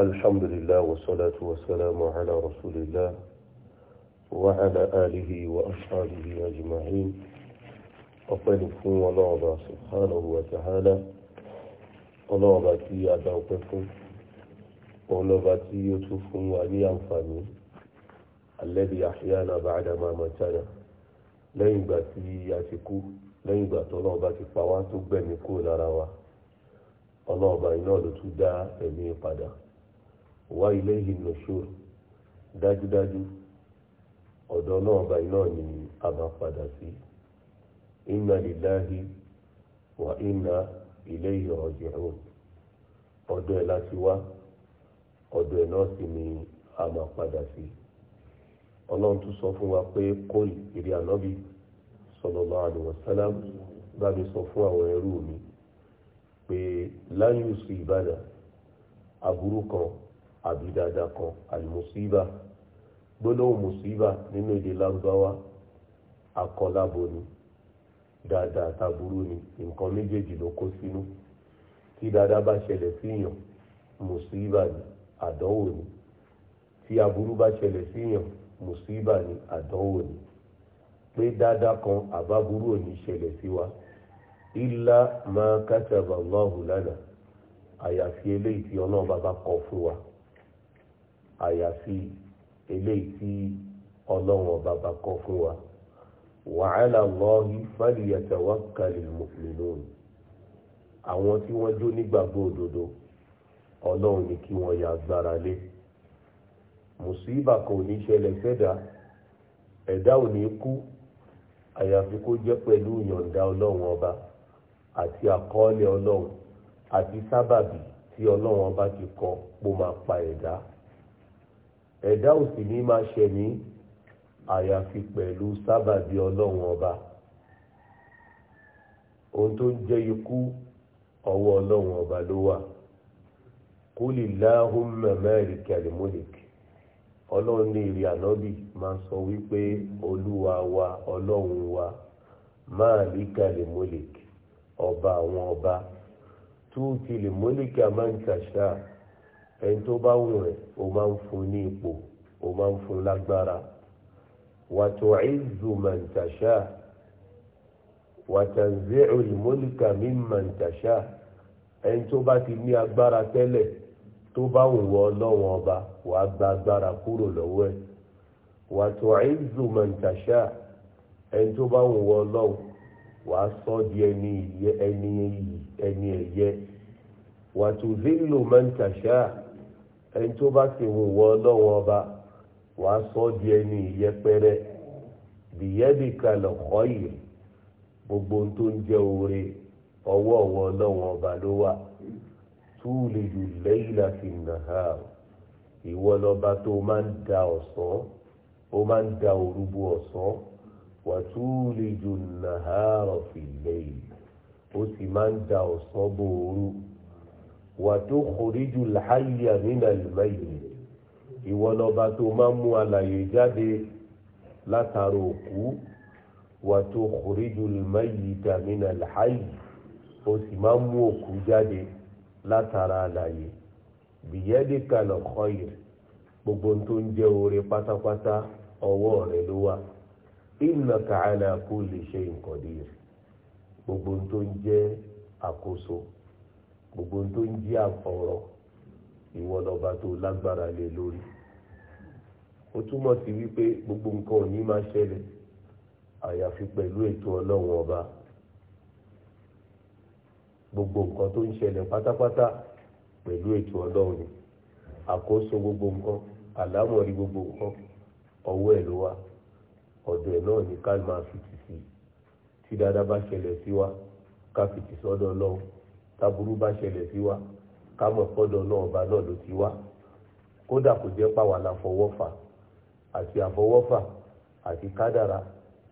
الحمد لله والصلاة والسلام على رسول الله وعلى آله وأصحابه أجمعين ọpẹ́ ni fún ọlọ́ọ̀bà subhanahu wa ta'ala ọlọ́ọ̀bà tí a dá ọpẹ́ fún ọlọ́ọ̀bà tí ó tún fún wa ní àǹfààní alladhi ahyana ba'da ma matana lẹ́yìn ìgbà tí a ti kú lẹ́yìn ìgbà tó ọlọ́ọ̀bà ti pa wá tó gbẹ̀mí kú lára wa ọlọ́ọ̀bà iná ló tún dá ẹ̀mí padà. wá ilé n'usoro, dájúdájú ọ̀dọ̀ náà ọba iná ni a máa padà sí inna lillahi wa inna ilayhi raji'un ọ̀dọ̀ ẹ̀ láti wá ọ̀dọ̀ ẹ̀ náà sì ni a máa padà sí ọlọ́run tún sọ fún wa pé kóòlì ìrì ànábì sallallahu alaihi wasallam bá mi sọ fún àwọn ẹrú mi pé kan àbí dáadáa kan àlùmùsíbà gbólóhùn mùsíbà nínú èdè lárúbáwá akọlábo ni dáadáa taburú ni nǹkan méjèèjì ló kó sínú tí dáadáa bá ṣẹlẹ̀ síyàn mùsíbà ni àdánwò ni tí aburú bá ṣẹlẹ̀ síyàn mùsíbà ni àdánwò ni pé dáadáa kan àbáburú ò ní ṣẹlẹ̀ sí wa illa ma kataba Allahu lana àyàfi eléyìí tí ọlọ́run bá bá kọ fún wa àyàfi eléyìí tí ọlọ́run ọba bá kọ́ fún wa wa ala Allahi falyatawakkalil mu'minun àwọn tí wọ́n jó nígbàgbọ́ òdodo ọlọ́run ni kí wọ́n ya agbára lé mùsíbà kò ní ṣẹlẹ̀ sẹ́dá ẹ̀dá ò ní kú àyàfi kó jẹ́ pẹ̀lú ìyọ̀ǹda ọlọ́run ọba àti àkọọ́lẹ̀ ọlọ́run àti sábàbí tí ọlọ́run ọba ti kọ pó máa pa ẹ̀dá. E ẹ̀dá òsì sì ní máa ní àyàfi pẹ̀lú sábàbí ọlọ́run ọba ohun tó ń jẹ́ ikú ọwọ́ ọlọ́run ọba ló wà kúlì láhùn mẹ́mẹ́rin kẹrìmúlìk ọlọ́run ní ìrì ànábì máa sọ wípé olúwa wa ọlọ́run wa máa lè kẹrìmúlìk ọba àwọn ọba túùtì lè múlìkì àmáǹtàṣáà. ẹni tó bá wù o máa ń fún ní ipò o máa ń fún lágbára wa tu'izzu man tasha wa tanzi'u al-mulka ẹni tó bá ti ní agbára tẹ́lẹ̀ tó bá wù wọ́ ọlọ́wọ́n ọba wàá gba agbára kúrò lọ́wọ́ ẹ̀ wa tu'izzu man ẹni tó bá wù wọ́ ọlọ́wọ́ wàá sọ di ẹni ẹni ẹyẹ wàtúzílù ẹni tó bá sì wù wọ lọ́wọ́ ọba wà á sọ di ẹni ìyẹpẹrẹ bìyẹ́bì kalẹ̀ kọ́yì gbogbo ohun tó ń jẹ́ oore ọwọ́ ọwọ́ ọlọ́wọ́n ọba ló wà túùlì jù lẹ́yìn láti nàá ìwọ lọ́ba tó máa ń da ọ̀sán ó máa ń da òrùbù ọ̀sán wà túùlì jù nàá rọ̀ fìlẹ́yìn ó sì máa ń da ọ̀sán bó wàtó kòríjù láàyè nínà ìlúmẹ́yì ìwọ lọba tó máa mú alàyè jáde látara òkú wàtó kòríjù ìlúmẹ́yì tàmínà láàyè ó sì máa mú òkú jáde látara alàyè bìyẹ́dì kalọ̀ kọ́yè gbogbo tó ń jẹ́ oore pátápátá ọwọ́ rẹ̀ ló wà innaka ala kulli shay'in qadir gbogbo tó ń jẹ́ àkóso gbogbo tó ń jí àfọ̀rọ̀ ìwọ lọ́ba tó lágbára lé lórí ó túmọ̀ sí wípé gbogbo nǹkan ò ní máa ṣẹlẹ̀ àyàfi pẹ̀lú ètò ọlọ́run ọba gbogbo nǹkan tó ń ṣẹlẹ̀ pátápátá pẹ̀lú ètò ọlọ́run ni àkóso gbogbo nǹkan àlámọ̀rí gbogbo nǹkan ọwọ́ ẹ̀ ló wà ọ̀dọ̀ ẹ̀ náà ni ká máa fìtì sí i tí dáadáa bá ṣẹlẹ̀ sí wa ká fìtì sọ́dọ̀ ọlọ́run taburú bá ṣẹlẹ̀ sí wa ká mọ̀ pọ́dọ̀ náà ọba náà ló ti wá kódà kò jẹ́ pàwọn àfọwọ́fà àti àfọwọ́fà àti kádàrà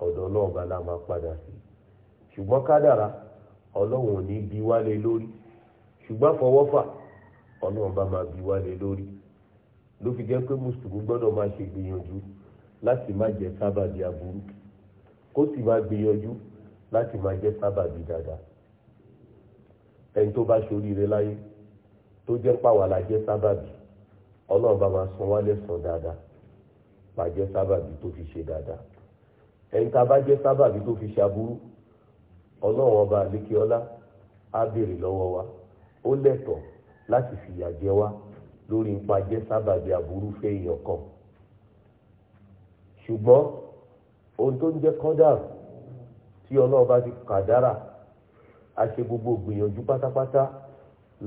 ọ̀dọ̀ náà ọba la máa padà sí ṣùgbọ́n kádàrà ọlọ́run ò ní bí wálé lórí ṣùgbọ́n àfọwọ́fà ọlọ́run bá máa bí wálé lórí ló fi jẹ́ pé mùsùlùmí gbọ́dọ̀ máa ṣe gbìyànjú láti má jẹ́ sábàbí aburú kó sì máa gbìyànjú láti máa jẹ́ sábàbí dáadáa ẹni tó bá ṣoríire láyé tó jẹ́ pàwọ́ alájẹ́ sábàbí ọlọ́run bá máa san wálé san dáadáa pàjẹ́ sábàbí tó fi ṣe dáadáa ẹni tá a bá jẹ́ sábàbí tó fi ṣaburú ọlọ́run ọba àlékeọlá á béèrè lọ́wọ́ wa ó lẹ́tọ̀ọ́ láti fìyà jẹ wá lórí ipa jẹ́ sábàbí aburú fẹ́yàn kan ṣùgbọ́n ohun tó ń jẹ́ kọ́dà tí ọlọ́run bá ti kàdárà a ṣe gbogbo gbìyànjú pátápátá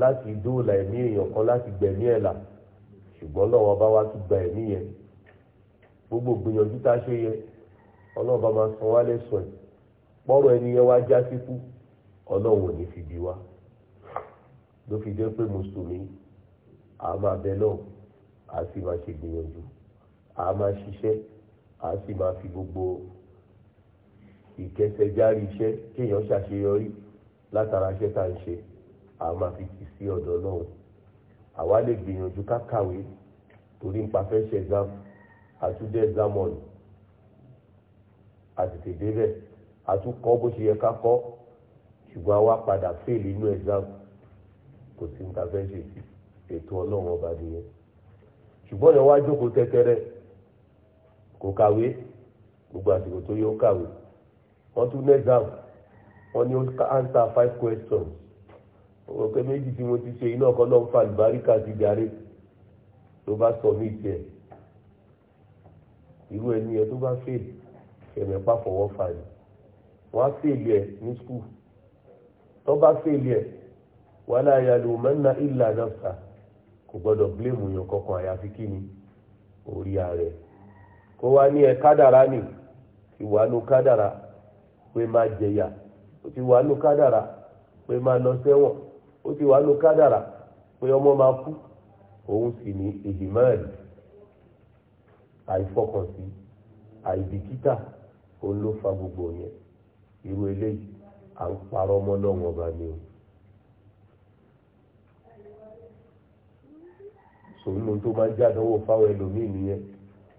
láti dóòlà ẹ̀mí èèyàn kan láti gbẹ̀mí ẹ̀ là ṣùgbọ́n náà wọn bá wá tún gba ẹ̀mí yẹn gbogbo gbìyànjú tá a ṣe yẹ ọlọ́run máa san wá lẹ́sọ̀ ẹ̀ pọ́rọ̀ ẹni yẹn wá já síkú ọlọ́run ò ní fi bí wa ló fi jẹ́ pé mùsùlùmí a máa bẹ lọ́wọ́ a sì máa ṣe gbìyànjú a máa ṣiṣẹ́ a sì máa fi gbogbo ìkẹsẹ̀járí iṣẹ́ kéèyàn ṣàṣeyọrí látara iṣẹ́ tá à ń ṣe àá máa fi tì sí ọ̀dọ̀ náà àwa lè gbìyànjú ká kàwé torí ń pa fẹ́ ṣe exam àtúndé exam on àtètè débẹ̀ àtúkọ́ bó ṣe yẹ ká kọ́ ṣùgbọ́n àwa padà fail inú exam kò sí ń ta fẹ́ ṣe ètò ọlọ́run ọba nìyẹn ṣùgbọ́n ìyẹn wá jókòó tẹ́tẹ́rẹ́ kò kàwé gbogbo àsìkò tó yẹ ó kàwé wọ́n tún ní exam wọ́n ní ó answer five questions òkè méjì tí mo ti ṣe iná ọkọ náà ń fa àlùbáríkà ti darí ló bá sọ mí tiẹ̀ irú ẹni ẹ tó bá fail ẹ̀mẹ̀pá fọwọ́ fà ní wọ́n á fail ẹ̀ ní skul tó bá fail ẹ̀ wọ́n náà yà lò mẹ́nà ìlà náà fà kò gbọ́dọ̀ blame yàn kankan àyàfi kí ni orí ààrẹ kó wá ní ẹ kádàrá nì ìwà ló kádàrá pé má jẹyà ó ti wà nù kádàrà pé máa lọ sẹ́wọ̀n ó ti wà nù kádàrà pé ọmọ máa kú òun sì ní ìdìmọ́ẹ̀lì àìfọkànsí àìbìkítà òun ló fa gbogbo yẹn irú eléyìí à ń parọ́ mọ́ lọ́wọ́n ọba ni o. sòwúlò tó máa ń jádánwò fáwọn ẹlòmíì nìyẹn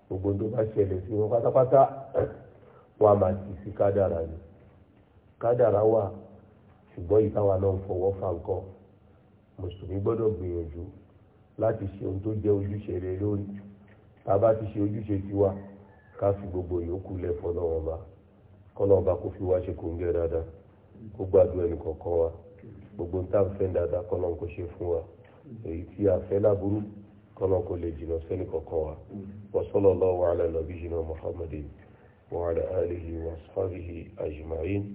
gbogbo tó bá ṣẹlẹ̀ sí wọn pátápátá wọn a máa tì sí kádàrà ni. kádàrá wà ṣùgbọ́n ìtawà náà ń fọwọ́ fa nǹkan mùsùlùmí gbọ́dọ̀ gbìyànjú láti ṣe ohun tó jẹ́ ojúṣe rẹ lórí tá a bá ti ṣe ojúṣe tiwa ká fi gbogbo ìyókù lẹ̀ fọ́nà wọn kọ́nà ọba fi wá ṣe kò ń gẹ́ dáadáa gbogbo tá fẹ́ dáadáa kọ́nà ṣe fún wa èyí tí a fẹ́ láburú kọ́nà lè jìnnà kọ̀ọ̀kan wa wa